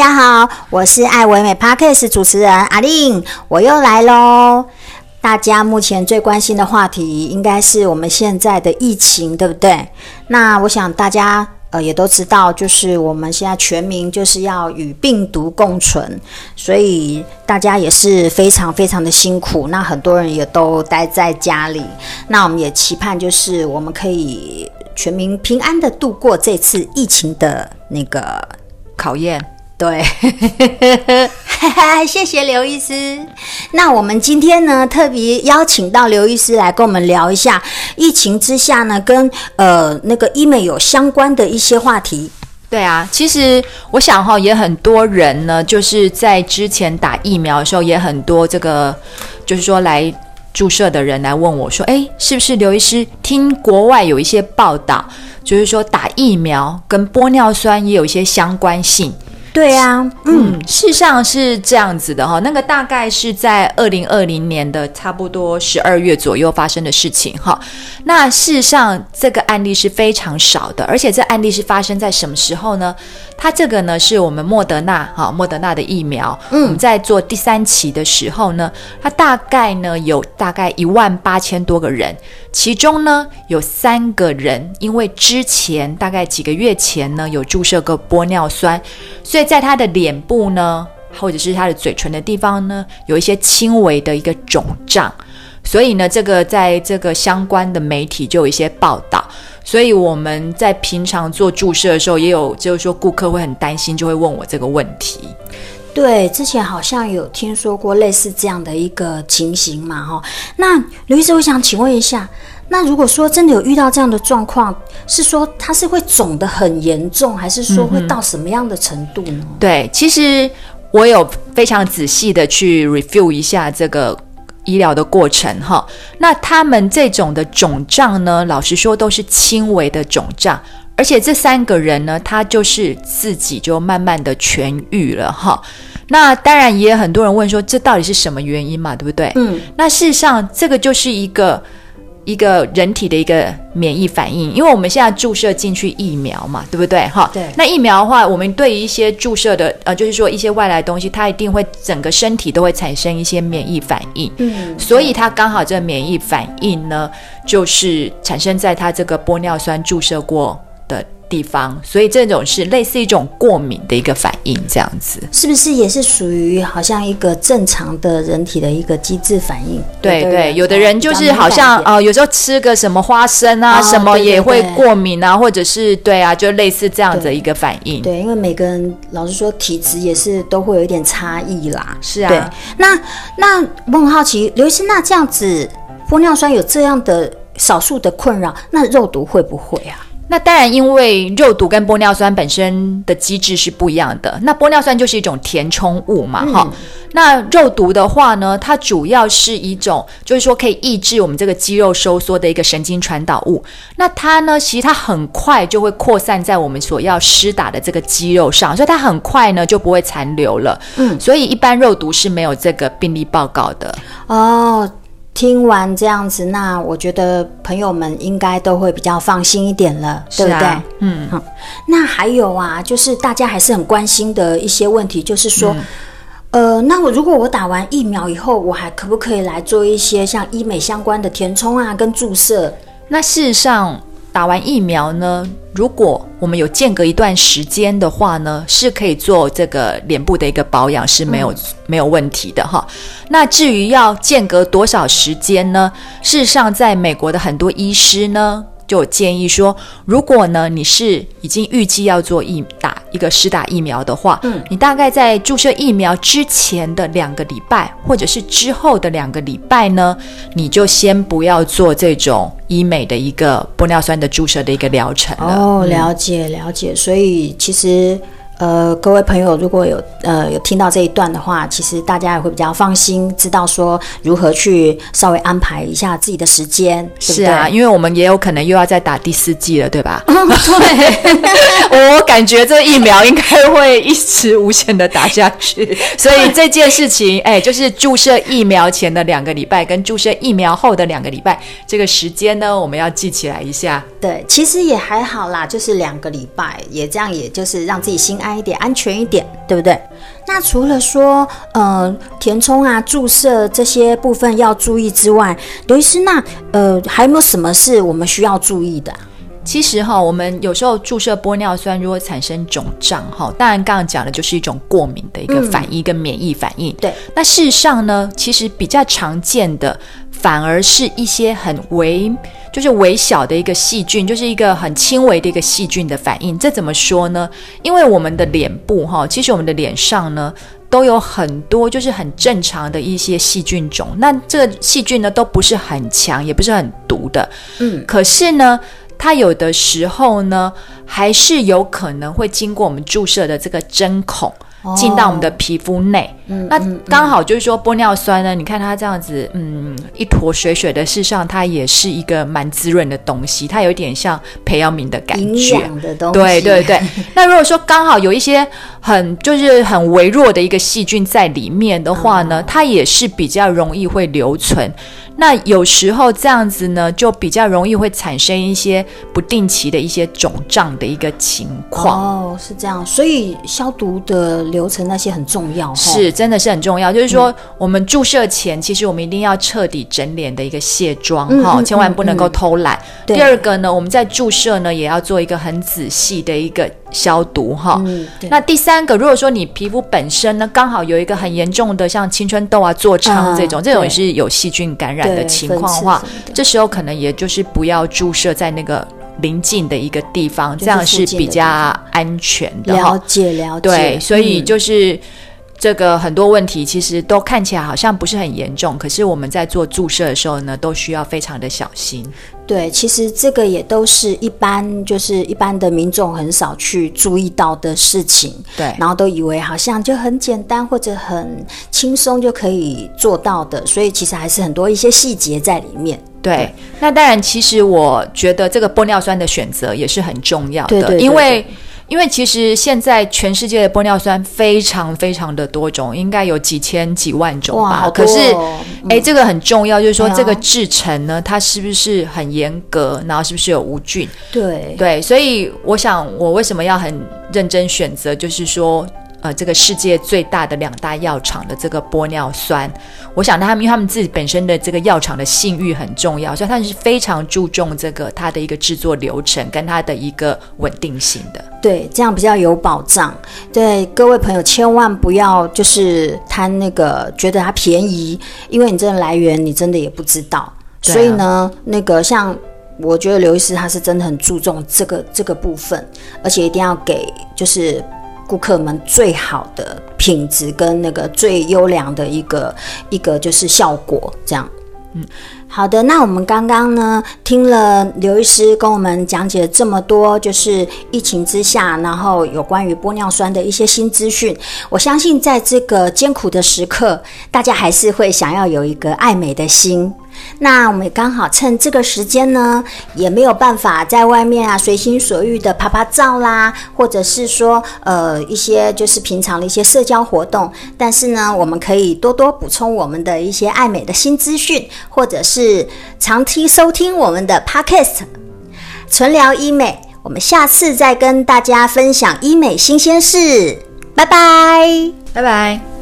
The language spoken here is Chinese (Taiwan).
大家好，我是愛惟美 Podcast 主持人阿玲，我又來嘍。大家目前最關心的話題應該是我們現在的疫情，對不對？那我想大家呃也都知道，就是我們現在全民就是要與病毒共存，所以大家也是非常非常的辛苦。那很多人也都待在家裡，那我們也期盼就是我們可以全民平安的度過這次疫情的那個考驗。對， 謝謝劉醫師。那我們今天呢，特別邀請到劉醫師來跟我們聊一下疫情之下呢，跟呃那個醫美有相關的一些話題。對啊，其實我想哈、哦，也很多人呢，就是在之前打疫苗的時候，也很多這個就是說，來注射的人來問我說：“誒，是不是劉醫師？聽國外有一些報道，就是說打疫苗跟玻尿酸也有一些相關性。”對呀、啊，嗯，事實上是這樣子的哈，那個大概是在二零二零年的差不多十二月左右發生的事情哈。那事實上這個案例是非常少的，而且這案例是發生在什麼時候呢？它這個呢，是我們莫德納哈、哦、莫德納的疫苗、嗯。我們在做第三期的時候呢，它大概呢有大概一萬八千多個人，其中呢有三個人，因為之前大概幾個月前呢有注射過玻尿酸，所以在他的臉部呢或者是他的嘴唇的地方呢有一些輕微的一個腫脹，所以呢這個在這個相關的媒體就有一些報道。所以我們在平常做注射的時候，也有就是說顧客會很擔心，就會問我這個問題。對，之前好像有聽說過類似這樣的一個情形嘛、哦，哈。那劉醫生，我想請問一下，那如果說真的有遇到這樣的狀況，是說它是會腫得很嚴重，還是說會到什麼樣的程度呢？嗯、對，其實我有非常仔細地去 review 一下這個。醫療的過程，哈，那他們這種的腫脹呢，老實說都是輕微的腫脹，而且這三個人呢，他就是自己就慢慢的痊癒了，哈，那當然也有很多人問說，這到底是什麼原因嘛，對不對？嗯，那事實上這個就是一個。一個人體的一個免疫反應，因為我們現在注射進去疫苗嘛，對不對？哈，對。那疫苗的話，我們對於一些注射的，呃，就是說一些外來的東西，它一定會整個身體都會產生一些免疫反應。嗯，嗯，所以它剛好這個免疫反應呢，就是產生在它這個玻尿酸注射過。的地方，所以這種是類似一種過敏的一個反應，這樣子是不是也是屬於好像一個正常的人體的一個機制反應？對對，對對有，有的人就是好像呃，有時候吃個什麼花生啊，哦、什麼也會過敏啊，哦、對對對，或者是對啊，就類似這樣的一個反應對。對，因為每個人老實說體質也是都會有一點差異啦。是啊，對，那那我很好奇，劉醫師，那這樣子玻尿酸有這樣的少數的困擾，那肉毒會不會啊？那當然，因為肉毒跟玻尿酸本身的機制是不一樣的。那玻尿酸就是一種填充物嘛，哈、嗯。那肉毒的話呢，它主要是一種，就是說可以抑制我們這個肌肉收縮的一個神經傳導物。那它呢，其實它很快就會擴散在我們所要施打的這個肌肉上，所以它很快呢就不會殘留了。嗯，所以一般肉毒是沒有這個病例報告的。哦。聽完這樣子，那我覺得朋友們應該都會比較放心一點了，啊、對不對？嗯，好、嗯。那還有啊，就是大家還是很關心的一些問題，就是說，嗯、呃，那我如果我打完疫苗以後，我還可不可以來做一些像醫美相關的填充啊、跟注射？那事實上。打完疫苗呢，如果我們有間隔一段時間的話呢，是可以做這個臉部的一個保養，是沒有沒有問題的哈。那至於要間隔多少時間呢？事實上，在美國的很多醫師呢，就建議說，如果呢你是已經預計要做疫苗。一個施打疫苗的話，嗯，你大概在注射疫苗之前的兩個禮拜，或者是之後的兩個禮拜呢，你就先不要做這種醫美的一個玻尿酸的注射的一個療程了。哦，了解了解，所以其實。呃，各位朋友，如果有呃有聽到這一段的話，其實大家也會比較放心，知道說如何去稍微安排一下自己的時間，對對是啊，因為我們也有可能又要再打第四劑了，對吧？嗯、對， 我感覺這疫苗應該會一直無限的打下去， 所以這件事情，哎，就是注射疫苗前的兩個禮拜跟注射疫苗後的兩個禮拜，這個時間呢，我們要記起來一下。對，其實也還好啦，就是兩個禮拜，也這樣，也就是讓自己心安。一點安全一點，對不對？那除了說呃填充啊、注射這些部分要注意之外，劉醫師，那呃還有沒有什麼是我們需要注意的？其實哈、哦，我們有時候注射玻尿酸如果產生腫脹哈，當然剛剛講的就是一種過敏的一個反應跟免疫反應。嗯、對，那事實上呢，其實比較常見的。反而是一些很微，就是微小的一個細菌，就是一個很輕微的一個細菌的反應。這怎麼說呢？因為我們的臉部，哈，其實我們的臉上呢，都有很多就是很正常的一些細菌種。那這個細菌呢，都不是很強，也不是很毒的，嗯。可是呢，它有的時候呢，還是有可能會經過我們注射的這個針孔。進到我們的皮膚內，哦嗯嗯嗯，那剛好就是說玻尿酸呢，你看它這樣子，嗯，一坨水水的事，事實上它也是一個蠻滋潤的東西，它有點像培養皿的感覺養的東西，對，對對對。 那如果說剛好有一些很就是很微弱的一個細菌在裡面的話呢，嗯、它也是比較容易會留存。那有時候這樣子呢，就比較容易會產生一些不定期的一些腫脹的一個情況。哦，是這樣。所以消毒的流程那些很重要哦。是，真的是很重要。就是說，嗯，我們注射前，其實我們一定要徹底整臉的一個卸妝哈，嗯嗯嗯嗯嗯，千萬不能夠偷懶。第二個呢，我們在注射呢，也要做一個很仔細的一個。消毒哈，嗯，那第三個，如果說你皮膚本身呢，剛好有一個很嚴重的，像青春痘啊、痤瘡這種，嗯，這種也是有細菌感染的情況的話，這時候可能也就是不要注射在那個臨近的一個地方，就是、地方這樣是比較安全的。了解了解，對，所以就是。嗯這個很多問題其實都看起來好像不是很嚴重，可是我們在做注射的時候呢，都需要非常的小心。對，其實這個也都是一般就是一般的民眾很少去注意到的事情。對，然後都以為好像就很簡單或者很輕鬆就可以做到的，所以其實還是很多一些細節在裡面。對，對。那當然，其實我覺得這個玻尿酸的選擇也是很重要的，對對對對對，因為。因為其實現在全世界的玻尿酸非常非常的多種，應該有幾千幾萬種吧。哦、可是，哎、嗯，這個很重要，就是說這個製程呢，它是不是很嚴格，然後是不是有無菌？對對，所以我想，我為什麼要很認真選擇？就是說。呃，這個世界最大的兩大藥廠的這個玻尿酸，我想他們因為他們自己本身的這個藥廠的信譽很重要，所以他們是非常注重這個它的一個制作流程跟它的一個穩定性的。的對，這樣比較有保障。對，各位朋友千萬不要就是貪那個覺得它便宜，因為你真的來源你真的也不知道。對啊。所以呢，那個像我覺得劉醫師他是真的很注重這個這個部分，而且一定要給就是。顧客們最好的品質跟那個最優良的一個一個就是效果，這樣，嗯，好的。那我們剛剛呢，聽了劉醫師跟我們講解這麼多，就是疫情之下，然後有關於玻尿酸的一些新資訊。我相信在這個艱苦的時刻，大家還是會想要有一個愛美的心。那我們也剛好趁這個時間呢，也沒有辦法在外面啊隨心所欲的拍拍照啦，或者是說呃一些就是平常的一些社交活動。但是呢，我們可以多多補充我們的一些愛美的新資訊，或者是長期收聽我們的 Podcast《淳聊醫美》。我們下次再跟大家分享醫美新鮮事，拜拜，拜拜。